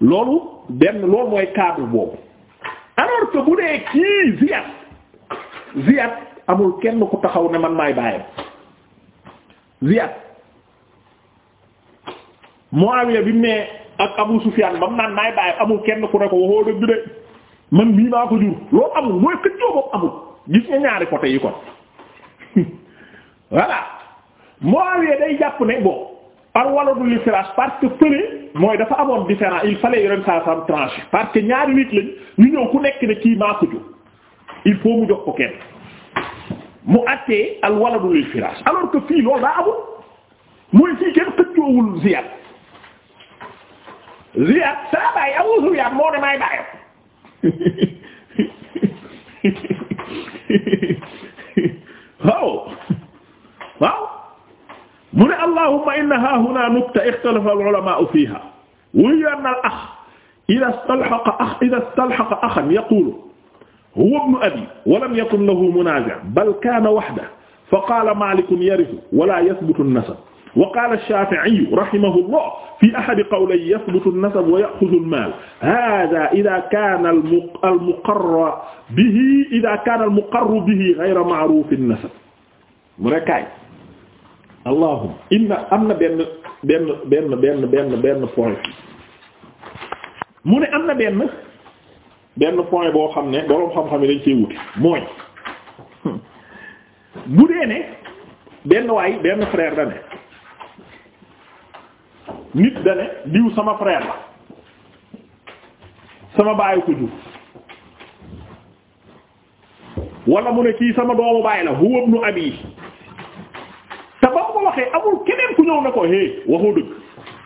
loolu benn loolu mooy cadre boobu alors que bu dee kii ziyat ziyat amul kenn ku taxaw ne man maay bàyyam ziyat Muawiya bi mu ne ak Abu Sufyan ba mu naan maay bàyyam amul kenn ku ne ko waxoo dëgg de man mii maa ko jur loolu amul mooy këccoo boobu amul gis nga ñaari côté yi kon voilà Muawiya day jàpp ne bon par waladul parce que fële mooy dafa amoon différent il fallait yore saa saa tranché parce que ñaari nit lañ ñu ñëw ku nekk ne kii maa jox il faut mu jox ko kenn mu àttee al waladul ifraas alors que fii loolu daa amul mooy fii kenn xëccoowul ziyaat ziyaat saa bàyyi amul ziyaat moo ne maay bàyyi waaw mu ne allahumma inna hahuna nukta ixtalafa al-ulamaa'u fiiha wa hiya anna al-ax idha istalhaqa ax idha istalhaqa axan yaqulu huwa ibnu abi wa lam yakun lahu munaazi' bal kaana wahdahu fa qaala maalikun yarisu wala yasbutu an-nasab wa qaala ash-shaafi'iyyu rahimahullah fi ahadi qawlayhi yasbutu an-nasab wa ya'khudhu al-maal haaza idha kaana al-muqarru bihi idha kaana al-muqarru bihi ghayra ma'ruuf an-nasab mu ne kaay allahumma inna am na benn benn benn benn benn benn point mu ne am na benn benn point boo xam ne boroom xam-xam yi dañ cee wuti mooy bu dee ne benn waay benn frère da ne nit da diw sama frère la sama baayu ko jur mu ne kii sama doomu baay la huwa ibnu abi te ba ko amul keneen ku ñëw na ko hé waxoo dëgg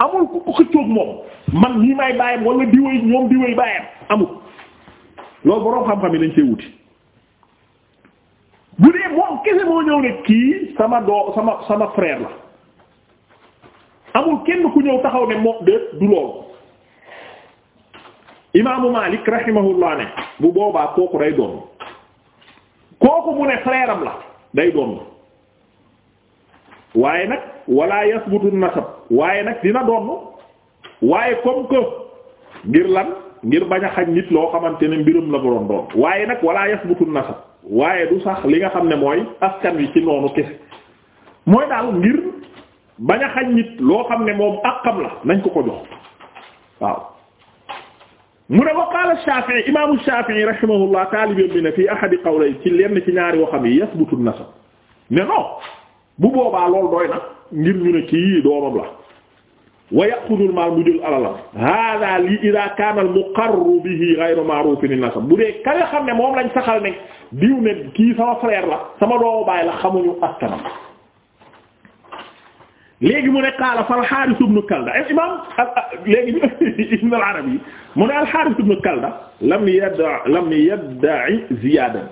amul ku ko xëccoog moom man nii may bàyyam wala diwéy ñoom diwéy bàyyam amul loolu boroom xam-xam yi dañ see wuti bu dee moom kese moo ñëw ne kii sama doo sama sama frère la amul kenn ku ñëw taxaw ne moom de du loolu imaamu Malik rahimahullah ne bu boobaa kooku day doon kooku mu ne frère la day doon. waaye nag wala yasbutu nasab waaye nag dina doon waaye comme que ngir lan ngir bañ a xañ nit loo xamante ne mbirum la bu doon doon waaye nag wala yasbutu nasab waaye du sax li nga xam ne mooy askan wi ci noonu kese mooy daal ngir bañ nit loo xam ne moom àqam la nañ ko ko jox waaw mu ne wa qaala Shaafi'i imaamu Shaafi'i rahimahullah taalibe bi ne fii ahadi qawlay ci lenn ci ñaari waxam yi yasbutu nasab mais non bu boobaa lool doy na ngir ñu ne kii doomam la wa yaxudul maal mu jël alalam li ida kaana al muqarru bihi ghayru ma'rufin nasab bu dee ka nga ne moom lañ saxal ne diw ne kii sama frère la sama doomu baay la xamuñu askanam léegi mu ne qaala fa al-Haaris ibn Kalda al imam léegi mu ne al-Haaris ibn Kalda lam yadda'i ziyaadan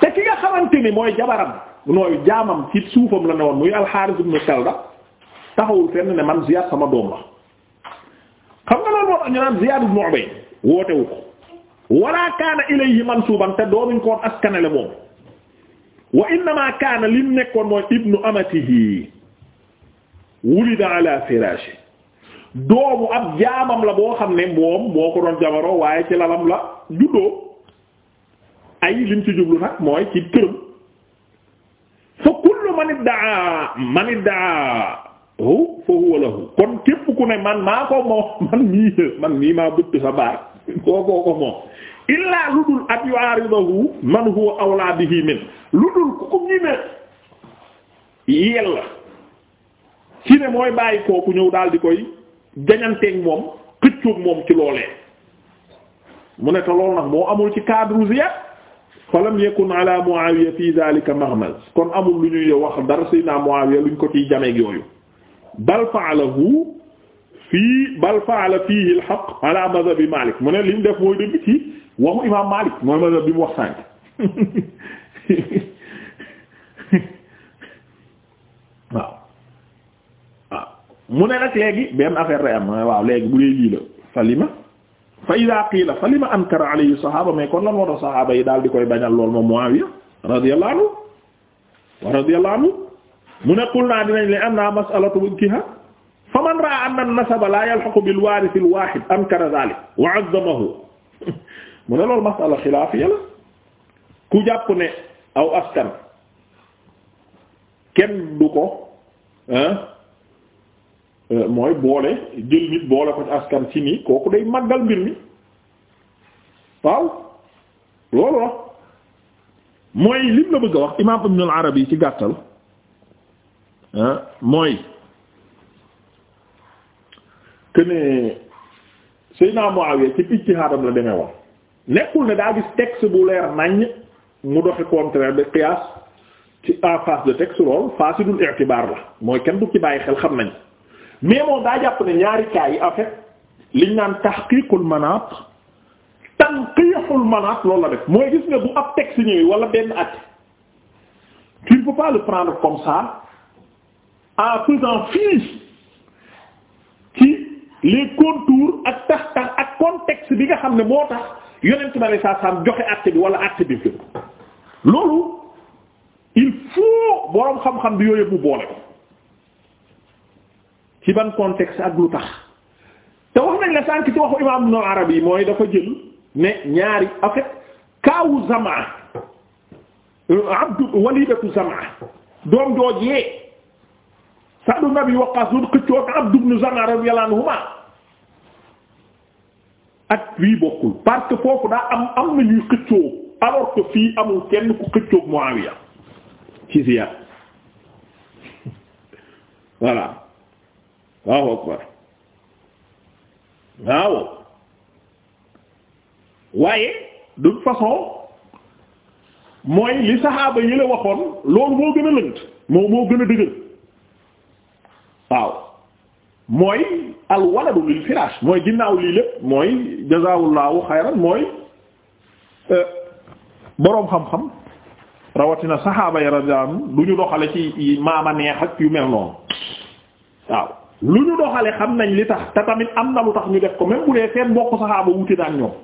te ki nga xamante ni mooy jabaram nooy jaamam ci suufam la ne woon muy alxaaris ibn Kalda taxawul fenn ne man Ziyaad sama doom la xam nga loolu moo tax ñu naan Ziyaad ibn Ubayd wootewu ko wala kaana ilayhi mansuuban te doonuñ koon askanale moom nekkoon mooy ibnu amatihi wulida ala firaashi doomu ab la boo xam ne moom moo ko waaye ci lalam la juddoo ay lim ci jublu nag mooy ci këram man iddaa man iddaa hu fa huwa lahu kon képp ku ne man maa ko moom man mii man mii maa bëtt sa baar koo koo ko moom illaa lu dul at yu aaridahu man huwa awlaa bihi min lu dul ku ko ñi ne yella ci ne mooy bàyyi kooku ñëw daal koy jañanteeg moom xëccoog moom ci loolee mu ne te nag moo amul ci cadre Ziyad falam yakun ala Muawiya fi zalika maghmaz kon amul lu ñuy wax dara sayna Muawiya luñ ko ciy jameeg yooyu bal fa'alahu fii bal fa'ala fihi al-haqq ala madhabi Malik mu ne li mu def mooy dëgg ci waxu imam Malik mooy madhab bi mu wax sànk waaw waaw mu ne nag léegi benn affaire day am waaw léegi bu dee lii la salima fa ida qiila fa lima ankara alayhi sahaaba mais kon lan moo tax sahaaba yi daal di koy bañal lool moom Muawiya radiyallahu anhu wa radiyallahu anhu mu ne qul naa dinañ li anna mas'alatu inkiha fa man ra'a anna an-nasaba la yalhaqu bil warith al-wahid ankara dhalik wa 'azzamahu mu ne loolu mas'ala xilaafiya la ku jàpp ne aw askan kenn du ko ah Euh, mooy boole jël nit boole ko ci askan ci nii kooku day màggal mbir mi waaw loolu la mooy lim la bëgg a wax imaam Ibn al yi ci gàttal ah, mooy que ne Seydina Muawiya ci ijtihaadam la demee woon nekkul ne daa gis texte bu leer naññ mu doxi contraire de qiyaas ci en face de texte lool fasidul i'tibaar la mooy kenn du ci bàyyi xel xam nañ. mais moom daa jàpp ne ñaari cas yi en fait liñ naan tahqiqul manaat tanqihul manaat loolu la def mooy gis nga bu ab texte ñëwee wala benn at tu ne peux pas le prendre comme ça en faisant fi ci les contours ak tax tax ak contexte bi nga xam ne moo tax yonent bi sallallahu alayhi wasallam joxe acte bi wala acte bi fi loolu il faut boroom xam-xam bi yooyu yëpp boole ko ci ban contexte ak lu tax te wax nañ la sànk ci waxu imam Ibn Arabi yi mooy dafa jël ne ñaari en fait kaawu Zamaa euh, Abdu walidatu Zamaa doom joojee Sa'd ibn Abi Waqqas doon xëccoo ak Abdu ibn Zamaa radiyallahu anhuma ak bii bokkul parce que foofu daa am am na ñuy xëccoo alors que fii amul kenn ku xëccoog Muawiya ci Ziyad voilà waaw akbar waaw waaye de toute façon mooy li saxaaba yi la waxoon loolu moo gën a lënt moo moo gën a dëgër waaw mooy al lil firaash mooy ginnaaw lii lépp mooy jazaawullaahu xayran mooy euh, boroom xam-xam rawatina saxaaba yi radiyallaahu anhum du ñu doxale ci maama neex ak yu mel noonu waaw lu ñu doxale xam nañ li tax te tamit am na lu tax ñu def ko même bu dee seen mbokk saxaaba wuti naan ñoom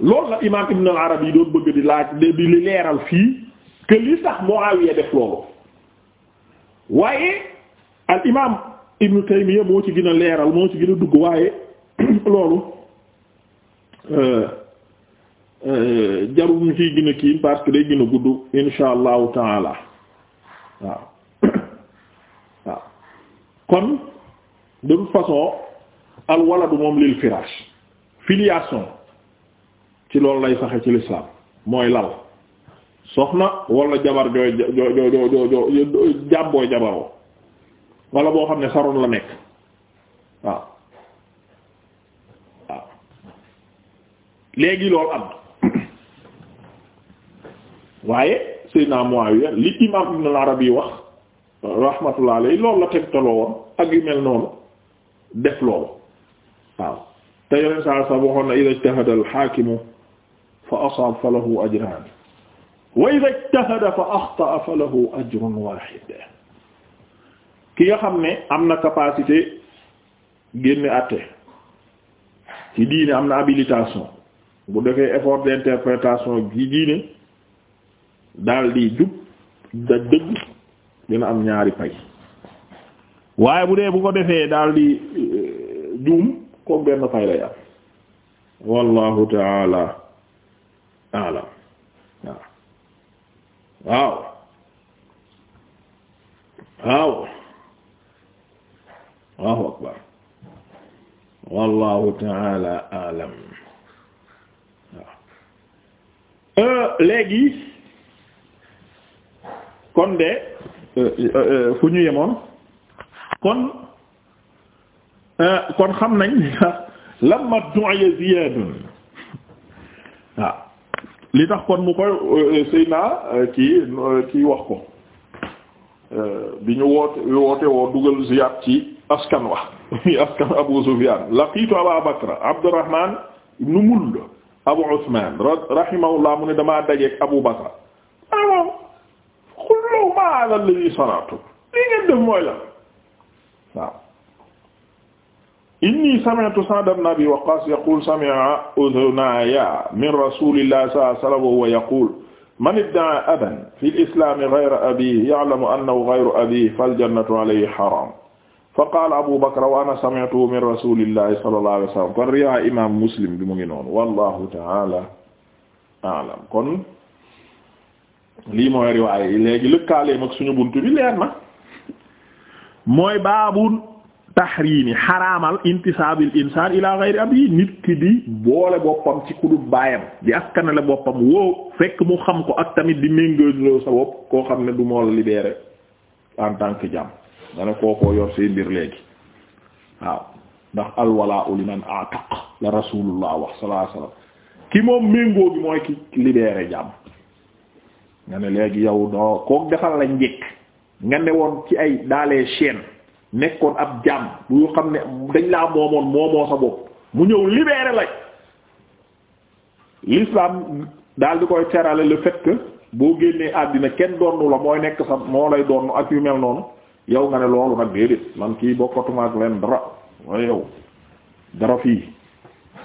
loolu la imaam Ibn al yi doon bëgg di laaj di li leeral fii que li tax Muawiya def loolu waaye al imaam Ibn Taymiyya moo ci gën a leeral moo ci gën a dugg waaye loolu euh, euh, jarul ñu ciy gën a parce que day gën gudd insha allahu taala waaw kon de toute façon al waladu moom lil firaash filiation ci loolu lay saxe ci l'islam mooy lal soxna wala jabar jooy jooy jaam booy jabaroo wala boo xam ne saroon la nekk waaw waaw léegi loolu am waaye Seydina Muawiya li imam Ibn Arabi wax rahmatullah alayhi loolu la tegtaloo woon ak yu mel noonu def loolu waaw te yeneen saa sa waxoon na idha ijtahada al-hakimu fa asaba fa lahu ajran wa idha ijtahada fa axtaa fa lahu ajrun wahid ki nga xam ne am na capacité génne àtte ci diine am na habilitation bu defee effort d'interprétation ci diine daal di jub da dëgg dina am ñaari pay waaye bu dee bu ko defee daal di eh, juum koog benn pay lay am waaw waaw waaw allahu akbar wallahu taala alam waaw euh, léegi kon de Euh, euh, euh, fu ñu yemoon kon kon xam nañ lamma du'a Ziyaad ah, waaw li tax kon mu koy Seyna kii kii wax ko bi ñu woote woo dugal Ziyaad ci askan wa askan Abu Sufyaan laqiitu Abaa Bakr Abdurrahmaan ibn Mull Abu Usmaan rahimahullah mu ne damaa dajeek Abu Bakr hada alladhi sanatu li ngeen def mooy la waaw inni sami'tu Sa'd ibn Abi Waqqas yaqul sami'a udhunaya min rasulillahi sallallahu alayhi wa sallam wa huwa yaqul man idda'a aban fi al-islami ghayra abihi ya'lamu annahu ghayru abihi faljannatu alayhi haram faqaala Abu Bakr wa ana sami'tuhu min rasulillahi sallallahu alayhi wa sallam kon riwaa imam Muslim bi mu ngi noonu wallahu ta'ala a'lam kon lii mooy riwaay léegi lëkkaaleem ak suñu bunt bi leer na mooy baabul tahrimi xaraamal intisaabil insaan ila ghayri abi nit ki di boole boppam ci kudub baayam di askanale boppam woo fekk mu xam ko ak tamit di méngoo sa bopp koo xam ne du moo la libéré en tant que jaam nga ne kookoo yor say mbir léegi waaw ndax alwalaa'u liman a'taq la rasulullah wax sallallahu alayhi wasallam ki moom méngoo gi mooy ki libéré jaam nga ne léegi yow doo kook defal la njëkk nga ne woon ci ay daalee chaîne nekkoon ab jàmm bu xam ne dañ laa moomoon moomoo sa bopp mu ñëw libéré la l'islam daal di koy terale le fait que boo génnee àddina kenn doonu la mooy nekk sa moo lay doon ak yu mel noonu yow nga ne loolu nag déedéet man kii bokkatuma ak leen dara waaye yow dara fii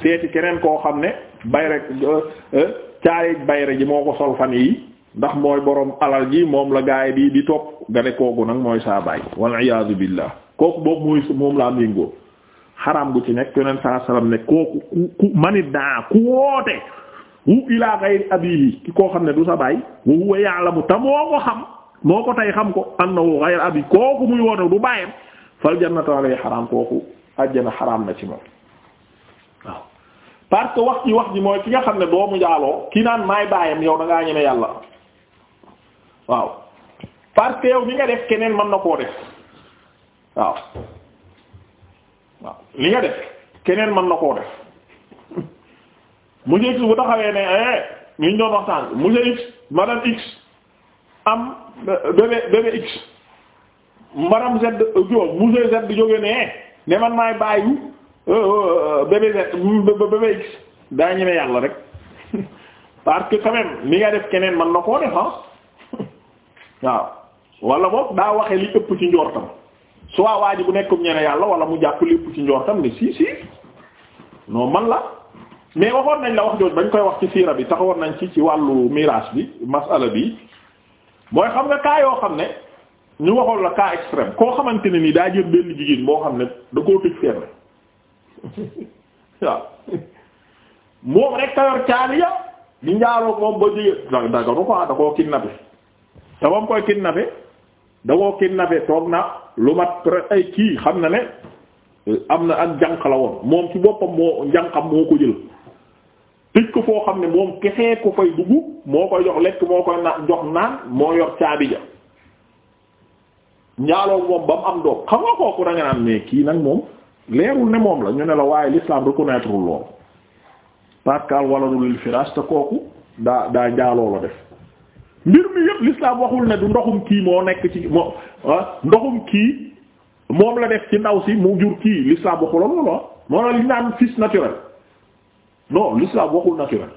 seeti keneen koo xam ne bay rek euh, euh, caayeeg bayre ji moo ko sol fan yi ndax mooy boroom alal ji moom la gaa bi di topp nga kooku nag mooy saa baay wal iyaadu billah kooku boobu mooy moom la am yëngoo xaraam gu ci nekk yoneen saa salaam ne kooku ku ku manit daa ku woote wu ilaa gayri abihi ki xam ne du sa baay wa huwa ya'lamu te moo ko ko tey xam ko annahu gayri abi kooku muy woote du baayam fal jannatu alayhi xaraam kooku àjjana xaraam na ci moom parce que wax ji wax ji mooy ki nga xam ne doomu jaaloo ki naan maay baayam yow da ngaa yàlla waaw parce que yow li nga def keneen mën na koo def waaw waaw li nga def keneen mën na koo def monsieur X bu taxawee ne eh ñu ngi doon waxtaan monsieur X madame X am bébé bébé X madame Z jo monsieur Z di jógee ne eh, ne man maay bàyyi euh, euh, bébé Z bébé X daa ñeme yàlla rek parce que quand même nga def keneen mën na koo def ah. waaw wala boog daa waxee li ëpp ci njortam soit waa ji bu nekkum ñene yàlla wala mu jàpp li ëpp ci njortam ne si si non man la mais waxoon nañ la wax jooj bañ koy wax ci siira bi taxawoon nañ ci ci wàllu miraas bi masala bi mooy xam nga kaa yoo xam ne ñu waxoon la cas extrême koo xamante ne nii daa jël benn jigéen boo xam ne da koo tëj fenn waaw moom rek ka yor caali ya di njaaloo moom ba jigéen da daganu quoi da koo kidnappé te ba mu koy toog na lu mat ay kii xam na ne euh, am na ak jànq la woon moom ko xam ne moom kese dugg na moo yor caabi ja njaaloo moom ba kii nag moom leerul ne moom la ñu ne la waaye l'islam reconnaître loolu parce que al waladul firaas te kooku daa daa njaaloo la def mbir mi yëpp l'islam waxul ne du ndoxum kii moo nekk ci moo ah, ndoxum kii moom la def ci ndaw si mu jur kii l'islam waxul loolu la ah. moo la li naan fils naturel non l'islam waxul naturel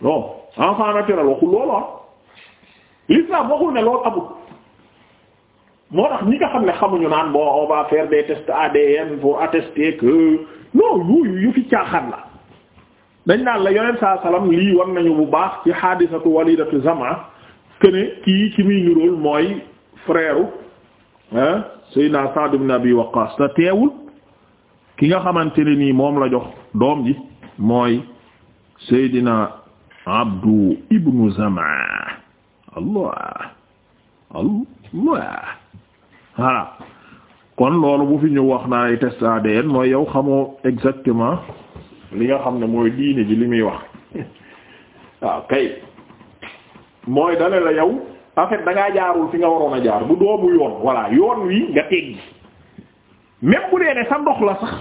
non enfant ah. waxul ne loolu amul moo tax ñi nga xam ne xamuñu naan bon on va faire des tests ADN pour attester que non yooyu yu fi caaxaan la dañ naan la yonent saa salaam lii war nañu bu baax ci xaadisatu walidatu Zama këne kii ci muy nirool mooy frère Seydina Sa'd ibn Abi Waqqas te teewul ki nga xamante ni nii moom la jox doom ji mooy Seydina Abdu ibnu Zama allah allah voilà kon loolu bu fi ñu wax naa ay mooy yow xamoo exactement. li nga xam ne mooy diine bi li muy wax waaw kay mooy dale la yow en fait jaarul fi nga waroon a jaar bu doomu yoon voilà yoon wi nga teggi même bu sa ndox la sax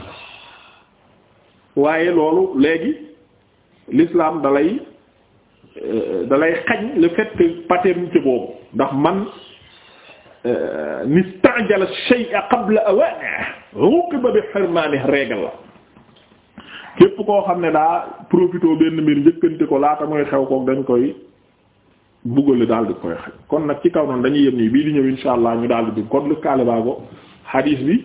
waaye loolu léegi l'islam dalay euh, dalay xañ le fait que boobu ndax man euh, nistajala shay'a qabla awaanihi uqiba bi hirmanihi régal la képp koo xam ne daa profité benn mbir njëkkante ko laata mooy xew koog dañ koy bugale daal di koy xaj kon nag ci kaw noonu dañuy yem nii bii di ñëw insha allah ñu daal di dugg kon lu kaalibaago hadis bi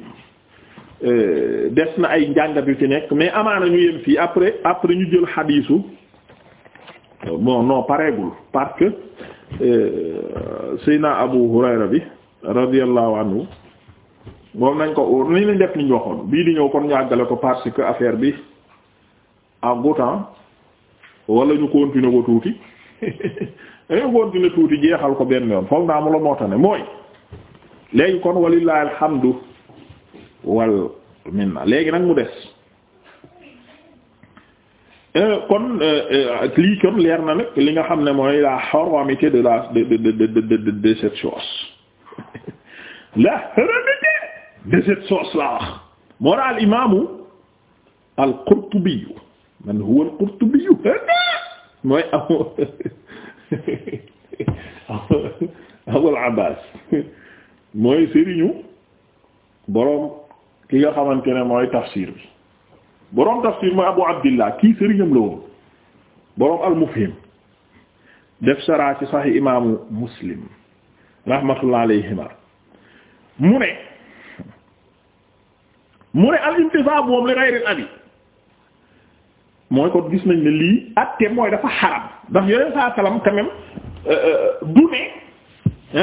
euh, des na ay njàngat yu ci nekk mais amaana ñu yem fii après après ñu jël hadisu bon non pareegul parce que euh, Seyna Abu Hurayra bi radiyallahu anhu moom nañ ko ni nañ def ni ñu waxoon bii di ñëw kon ñu àggale ko parce que affaire bi. en goûtant wala ñu continuer ko tuuti dañu continuer tuuti jeexal ko benn yoon foog naa mu la moo tax ne mooy léegi kon walillahi alhamdu wal minna léegi nag mu des euh, kon euh, euh, lii kon leer na nag li nga xam ne mooy la haramité de la de de de de de cette sauce la haramité de cette sauce la wax moo daal imaamu al-Qurtubi man huwa al-Qurtubi mooy abu Abul Abbas mooy sëriñu boroom ki nga xamante ne mooy tafsir bi boroom tafsir Abu Abdillah kii sëriñam la woon boroom al-Mufhim def saraa ci Sahih imaamu Muslim rahmatullah alayhima mu ne mu ne al-intisaab moom li ghayri abi mooy kon gis nañ ne lii atte mooy dafa xaram ndax yeneen saa salaam quand euh, euh, du ne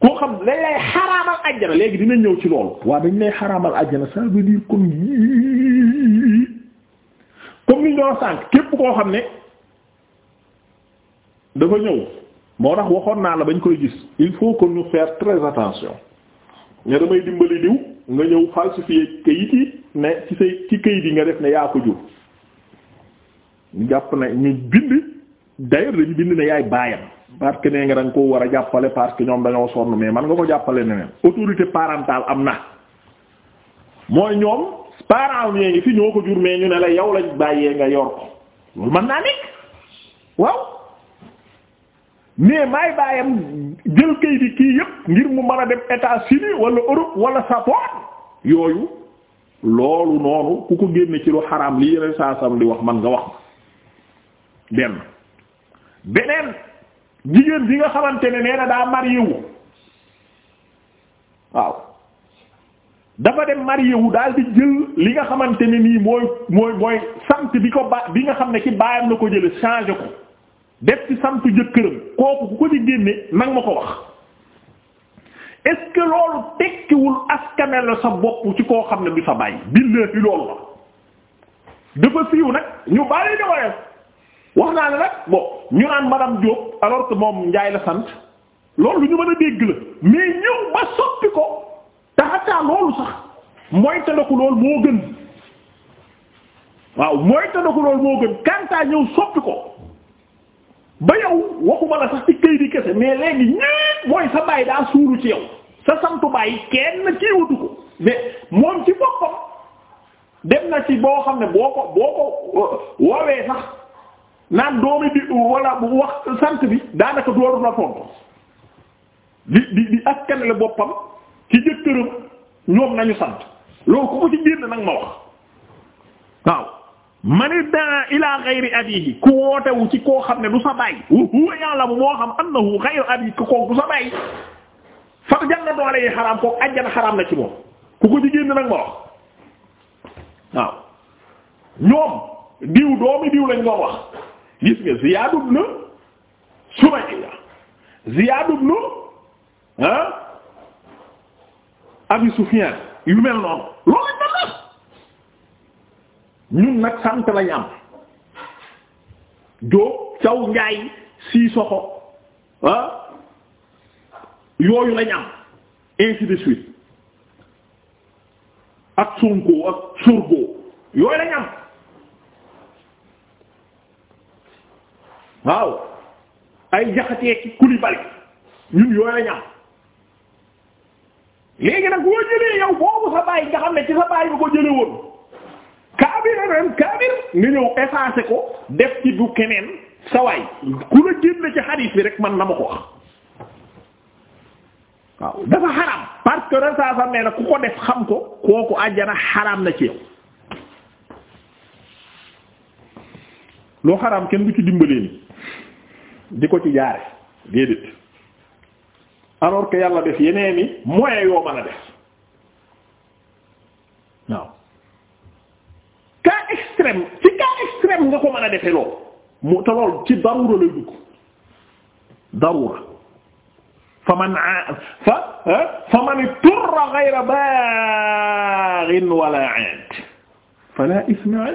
koo xam dañ lay xaraamal àjjana léegi dina ñëw ci loolu waa dañ lay xaramal àjjana ça veut dire comme comme ni ñu doon sànk képp koo xam ne dafa ñëw moo tax waxoon naa la bañ koy gis il faut que ñu faire très attention ne damay dimbali diw nga ñëw falsifier kayit yi ne ci say ci kayit yi nga def ne yaa ko jur ñu jàpp ne ñu bind d'ailleurs dañu bind ne yaay baayam parce que nee nga dañ ko war a jàppale parce que ñoom dañoo sonn mais man nga ko jàppale neneen autorité parentale am na mooy ñoom parents yi fi ñoo ko jur mais ñu ne la yow lañ bàyyee nga yor ko loolu mën naa nekk waaw mais maay baayam jël kay di kii yépp ngir mu mën a dem États-Unis wala Europe wala Japon yooyu loolu noonu ku ko génne ci lu xaraam li yeneen saa sam di wax man nga wax benn beneen jigéen bi nga xamante ne nee na daa marié waaw dafa dem marié wu daal di jël li nga xamante ne nii mooy mooy mooy sant bi ko ba bi nga xam ne ki baayam na ko jële changé ko def ci sant jëkkëram kooku ku ko ci génne nag ma ko wax est-ce que loolu tekkiwul askanel la sa bopp ci koo xam ne du sa bàyyi billahi loolu la dafa siiw nag ñu bari da ko def wax naa ne nag bon ñu naan madame Diop alors que moom Ndiaye la sant loolu ñu mën a dégg la mais ñëw ba soppi ko taxataa loolu sax mooy tënku loolu moo gën waaw mooy tënku loolu moo gën kantaa ñëw soppi ko ba yow waxuma la sax ci këy di kese mais léegi ñépp mooy sa baay daa suuru ci yow sa santu baay kenn kiiwatu ko mais moom ci boppam dem na ci boo xam ne boo ko boo ko euh, woowee sax. naan doomi bi wala bu wax sant bi daanaka dooru la tontu di di di askan la boppam ci jëkkëram ñoom nañu sant loolu ku ko ci génn nag ma wax waaw man ila ghayri abihi ku ci koo xam ne du fa jannatu alayhi xaraam ko ajjana xaraam na ci moom ku ko ñoom diw doomi diw lañ doon wax gis nga Ziyaad ibn Sumayya Ziyaad ibn ah Abi Sufyaan yu mel noonu loolu la ñu ñun nag sant lañ am Diop Thiaw Ndiaye Sissoko ah yooyu lañ am ainsi de suite ak Sonko ak Sorgho yooyu lañ am. waaw ay jaxatee ci Koulibaly ñun yooyu la ñu léegi nag boo jëlee yow boobu sa baay nga xam ne ci sa baay bi ko jëlee woon kaabir ren kaabir nga ñëw effacé ko def ci du keneen sa waay ku la génne ci xadiis bi rek man na ma ko wax waaw dafa xaram parce que ren saa sax nee na ku ko def xam ko kooku àjjana xaram na ci yow loo xaram kenn du ci dimbalee ni di ko ci jaare déedéet alors que yàlla def yeneen i moyens yoo mën a def waaw cas ci cas extrême nga ko mën a mu te ci darura lay dugg darura fa man fa fa man turra ghayra baghin wala 'ad fala isma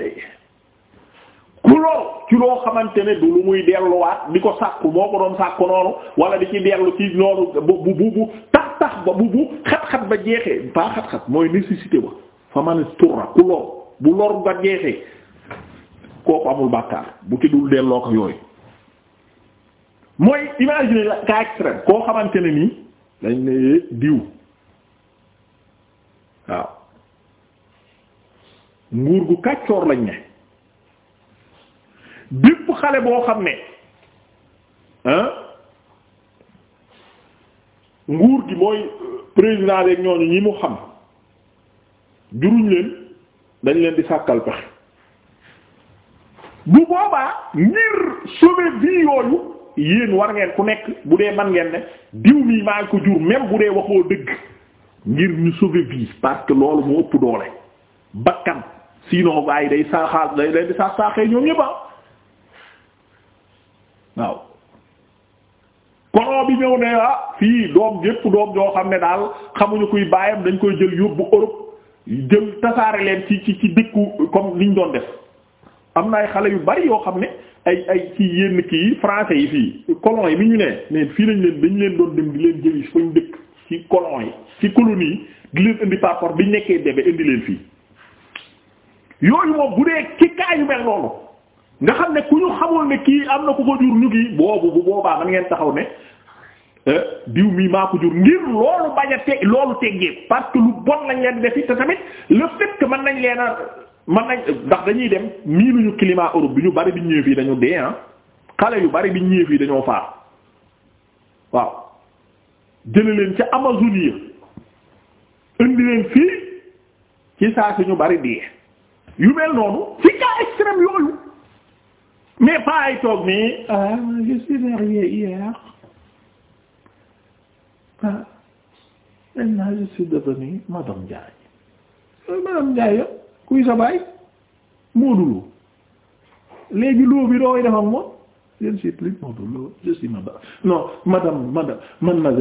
ku lool ci loo xamante ne du lu muy delluwaat di ko sàkku moo ko doon sàkku noonu wala di ci dellu ci noonu bu bu bu tax tax ba bu bu xat-xat ba jeexee ba xat-xat mooy nécessité ba fa man turra ku lool bu lor ba jeexee kooku amul bàkkaar bu ci dul delloo ko yooyu mooy imagine la cas extrême koo xamante ne nii dañ ne eh, diw waaw nguur gu kàccoor lañ ne bépp xale boo xam ne ah nguur gi mooy euh, président rek ñooñu ñi mu xam juruñ leen dañ leen di sàkkal pexe bu boobaa ngir sauver vie yooyu yéen war ku nekk bu dee man ngeen ne diw mii maa ngi ko jur mel bu dee waxoo dëgg ngir ñu sauver vie parce que loolu moo ëpp doole bakkan sinon gars yi day saaxaal day leen di saax saaxee ñoom ñëpp ah. waaw koro bi ñëw ne ah fii doom gépp doom joo xam ne daal xamuñu kuy baayam dañ koy jël yóbbu Europe jël tasaare leen ci ci ci dëkku comme niñ doon def am na ay xale yu bari yoo xam ne ay ay ci yenn kii français yi fii colon yi bi ñu ne mais fii lañ leen dañu leen doon dem di leen jëli fañ dëkk ci colon yi ci colonie yi di leen indi passeport bi nekkee bébé indi leen fii yooyu moom bu dee ci kaa yu mel noonu nga xam ne ku ñu xamoon ne kii am na ku ko jur ñu kii boobu bu boobaa man ngeen taxaw ne eh, diw mii maa ko jur ngir loolu bañ a te loolu teggee parce que lu bon lañ leen defi te tamit le fait que mën nañ leen a man nañ ndax dañuy dem miinuñu climat Europe bi ñu bari bi ñëw fii dañu dee ah xale yu bari bi ñëw yi dañoo faar waaw jële leen ca Amazonie indi leen fii ci saa si ñu bari dee yu mel noonu ci cas extrême yooyu. mais pas ay toog ah je suis marié hier ah maintenant je suis devenu madame Ndiaye euh, madame Ndiaye yow kuy sa baay Modou Lo léegi loo bi dooy def ak moom je ne suis plus Modou Lo je suis madame non madame madame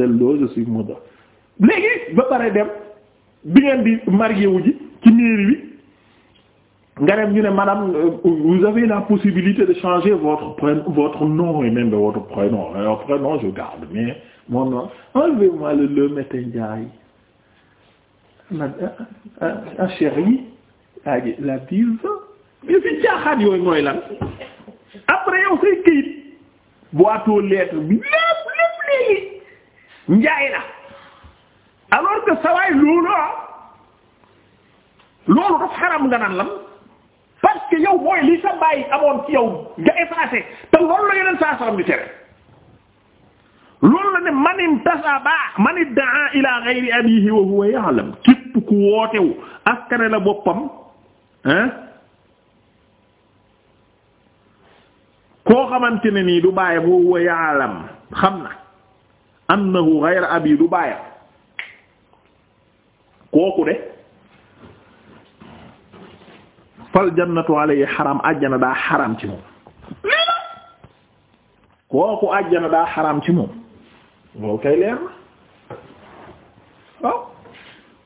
dem bi ngeen di marié wu ji ci nga dem ñu ne madame euh, vous avez la possibilité de changer votre prénom votre nom et même votre prénom alors euh, prénom je garde mais mon nom enlevez-moi le le Mette Ndiaye ma euh, chérie yi la dive mais fi caaxaan yooyu mooy lan après yow say këyit boîte aux lettres bi lépp lépp léegi njaay la alors que sawaay loolu ah loolu dafa xaram nga naan lan parce que yow mooy li sa bàyyi amoon ci yow nga effacé te loolu la yeneen saa la ne manim tasaba man iddaa ila wa huwa ya'lam képp ku wootewu askane koo xamante ne nii du bàyyi wa huwa ya'lam xam na annahu ghayra abi du de fal jannatu alayhi xaram àjjana daa xaram ci moom lii la kooku àjjana daa xaram ci moom loolu kay leer waaw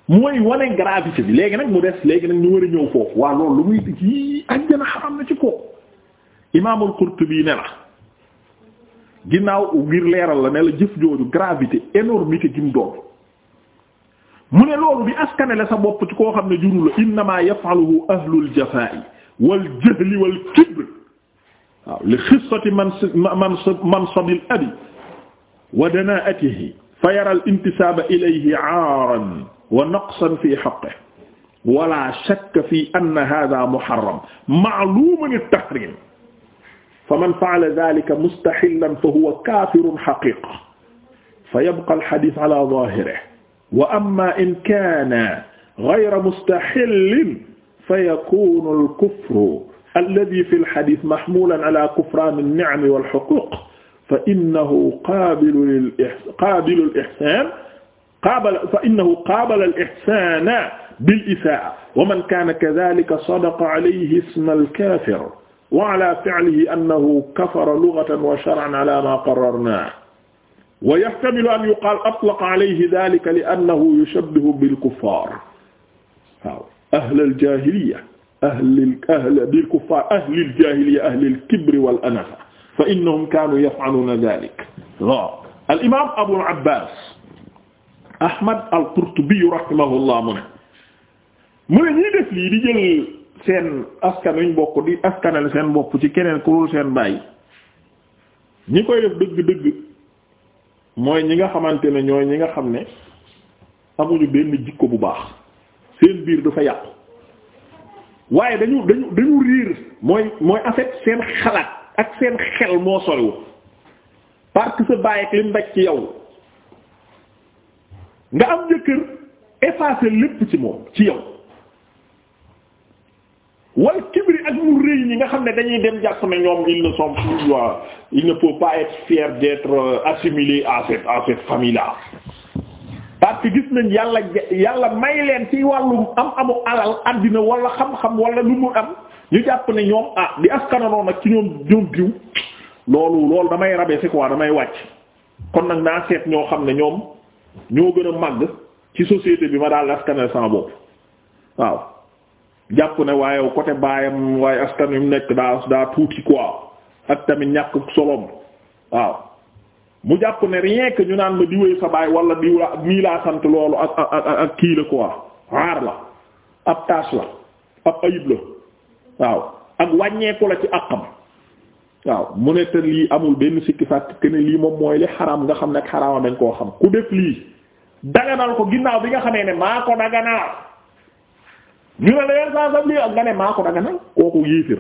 mooy wane gravité bi léegi nag mu des léegi nag ñu war a ñëw foofu waaw loolu lu muy di ci àjjana xaram na ci kooku imaamul Qurtubi ne la ginnaaw ngir leeral la ne la jëf jooju gravité énormité gi mu doon mu ne loolu di askanele sa bopp ci koo xam ne juru la innama yaf'aluhu ahlul jafaa'i wal jahli wal kibr waaw li xissati man mansabil abi wa danaa'atihi fa yara al intisaaba ilayhi aaran wa naqsan fi haqqihi wala shakka fi anna haadha muharram ma'luumun at-tahriim faman fa'ala dhaalika mustahillan fa huwa kaafirun haqiiqa fa yabqa al hadiith ala dhaahirihi wa amma in kaana ghayra mustahillin fa yakunu al-kufru alladhi fi al-hadith mahmulan ala kufran an-ni'am wal-huquq fa innahu qaabilu al-ihsaan qaabala fa innahu qaabala al-ihsaana bil-isaa'a wa man kaana kadhaalika sadaqa alayhi isma al-kaafir wa ala fi'lihi annahu kafara lughatan wa shar'an ala maa qarrarnaahu wa yahtamilu an yuqaal atlaqa alayhi dhalika li annahu yushabbihu bil kuffar waaw ahlal jahiliya ahlil ahl bil kuffar ahlil jahiliya ahlil kibri wal anasa fa innahum kanu yaf'aluna dhalik waaw al imam abul abbas ahmad al qurtubi rahimahullah mu ne mu ne ñuy def lii di jël seen askan wi ñu bokk di askanal seen bopp ci keneen ku dul seen bàyyi ñi koy def dëgg-dëgg mooy ñi nga xamante ne ñooy ñi nga xam ne amuñu benn jikko bu baax seen biir dafa yàqu waaye dañu dañu dañu riir mooy mooy en seen xalaat ak seen xel moo soriwu parce que sa bàyyi ak lim daj ci yow nga am jëkkër effacer lépp ci moom ci yow wal kibri ak mu rëy ñi nga xam ne dañuy dem jàpp ne ñoom ils ne sont plus wa euh, il ne faut pas être fier d'être euh, assimilé à cette à cette famille là parce que gis nañ yàlla yàlla may leen ci wàllu am amu alal àddina wala xam-xam wala lu mu am ñu jàpp ne ñoom ah di askananoon nag ci ñoom diw loolu loolu damay rabaisser quoi damay wàcc kon nag naa seet ñoo xam ne ñoom ñoo gën a màgg ci société bi ma daal askanal sama bopp waaw jàpp ne waaye côté baayam waaye askan wi mu nekk daa daa tuuti quoi ak tamit ñàkk solom waaw mu jàpp ne rien que ñu naan ma diwee sa baay wala diw la laa sant loolu ak ak kii la quoi aar la ab taas la ab ayib la waaw ak wàññeeku la ci àqam waaw mu ne te lii amul benn sikki fàtt ne lii moom mooy li xaraam nga xam ne ak xaraama dañ koo xam ku def lii daganal ko ginnaaw bi nga xamee ne maa ko daganal ñu ne la yenn saa sam lii ak nga ne maa ko daganal kooku yéeféer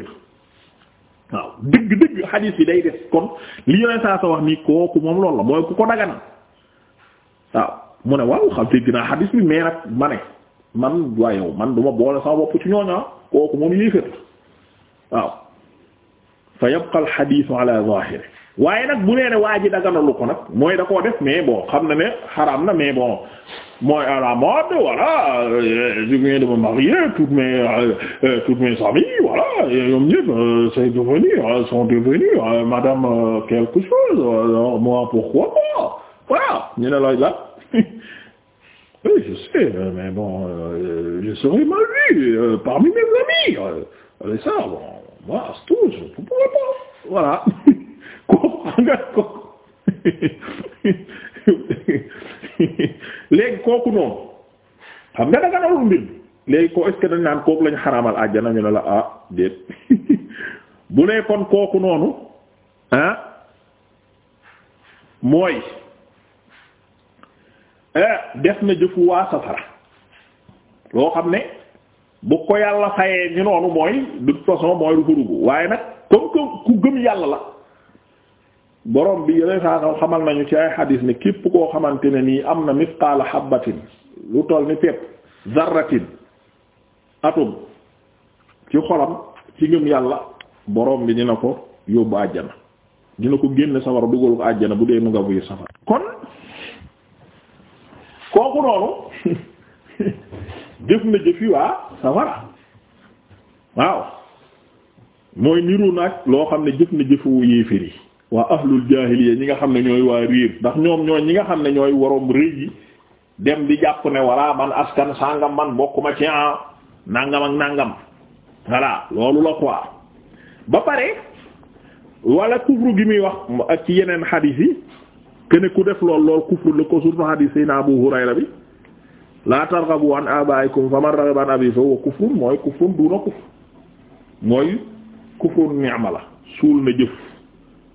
la waaw dëgg dëgg xadiis yi day des kon li yenn saa sa wax nii kooku moom loolu la mooy ku ko daganal waaw mu ne waaw xam dégg naa xadiis bi mais nag ma ne man waa yow man duma boole sama bopp ci ñooña kooku moom yéeféer la waaw fa yabqa al xadiis ala zahiri waaye nag bu nee ne waa ji daganalu ko nag mooy da koo def mais bon xam na ne xaraam na mais bon mooy à la mode voilà je viens de me marier toutes mes euh, toutes mes amies voilà ñoom ñëpp euh, c'est devenu euh, sont devenus madame quelque chose moi pourquoi pas voilà la oui je sais mais bon je serai mal vu parmi mes amis c'est bon moi c'est tout je ne pourrais kooku nga kooku noonu xam nga daga nalul mbir léegi ko est-ce que naan kooku lañu xaraamal àjjana ñu ne la ah déet bu nee kon kooku noonu ah mooy eh, def na jëfu waa safara loo xam ne bu ko yàlla fayee ñu noonu mooy de façon mooy du ko waaye nag comme que ku gëm yàlla la borom bi yeneen saa xamal nañu ci ay xadis ne képp koo xamante ne nii am na misqaala xabbatin lu toll ni pepp zarratin atum ci xolam ci ngëm yàlla borom bi dina ko yóbbu àjjana dina ko génne safara dugal ko àjjana bu dee mu nga buy safara kon kooku noonu jëf na jëfi safara waaw mooy niru nag loo xam ne jëf na jëfu yéeféer yi waa ahlul jaahiliya ñi nga xam ne ñooy waa riir ndax ñoom ñooy ñi nga xam ne ñooy waroom réej yi dem di jàpp ne walla man askan sangam man ma ci ah nangam ak nangam voilà loolu la quoi ba pare wala kufru gi muy wax ak ci yeneen xadiis yi kene ku def lool lool kufru la ko surtout xadiis yi na Abu Hurayra bi la targhabu an abaikum faman raghiba an abi fa huwa kufrun mooy kufrun duna kufr mooy kufrun ni'ma la suul na jëf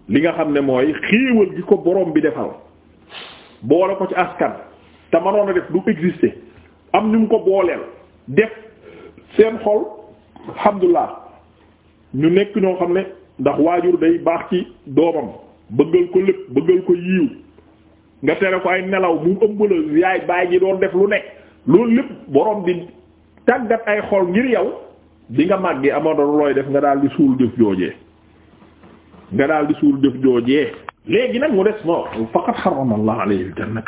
li nga xam ne mooy xéewal gi ko borom bi defal boole ko ci askan te manoon a def du exister am ni mu ko booleel def seen xol alhamdulilah ñu nekk ñoo xam ne ndax waajur day baax ci doomam bëggal ko lépp bëggal ko yiiw nga tere ko ay nelaw mu ëmbala yaay baay ji doon def lu nekk loolu lépp borom di tàggat ay xol ngir yow di nga màggee amoon looy def nga daal di suul jëf joojee nga daal di suul jëf joojee léegi nag mu des moom faqat xarama allah alayhi aljanna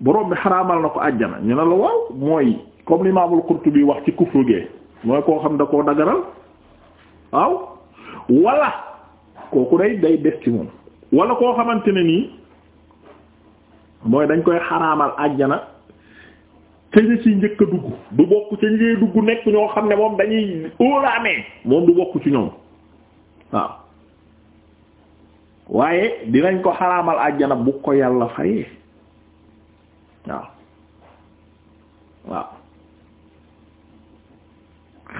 bi xaraamal na ko àjjana ñu ne la waaw mooy comme l'imam al bi wax ci kufru gee mooy koo xam da koo daganal waaw wala kooku day day des ci moom wala koo xamante ne nii mooy dañ koy xaraamal àjjana te ci njëkk a dugg du bokk ca ñi dugg nekk ñoo xam ne moom dañuy amee moom du bokk ci ñoom waaw waaye dinañ ko xaraamal àjjana bu ko yàlla fayee waaw waaw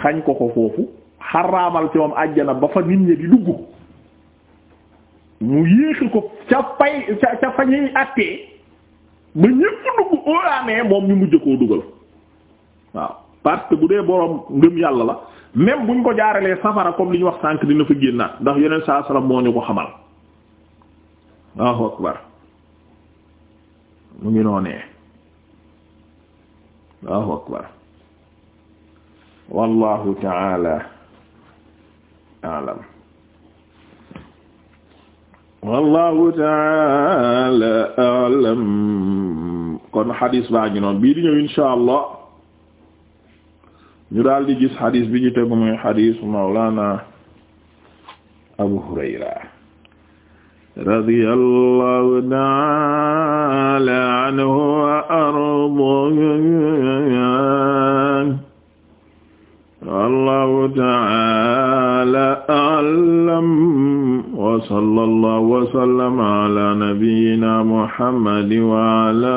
xañ ko ko foofu xaraamal ci moom àjjana ba fa nit ñi di dugg mu yéexi ko ca pay ca ca àttee ba ñépp dugg óoraanee moom ñu mujj koo dugal waaw parce bu dee boroom ngëm yàlla la même buñ ko jaaralee safara comme li ñu wax sànk dina fa génnaat ndax yeneen saa salaam moo ñu ko xamal Allahu akbar mu ngi noonee Allahu akbar wallahu ta'ala a'lam wallahu ta'ala a'lam kon xadiis baa ngi noonu bii di ñëw insha allah ñu daal di gis xadis bi ñu tegu muy xadisu mawlana abu hurayra radiyallahu ta'ala anhu wa ardahu wallahu ta'ala a'lam wa sallallahu wa sallama ala nabiyyina muhammadin wa ala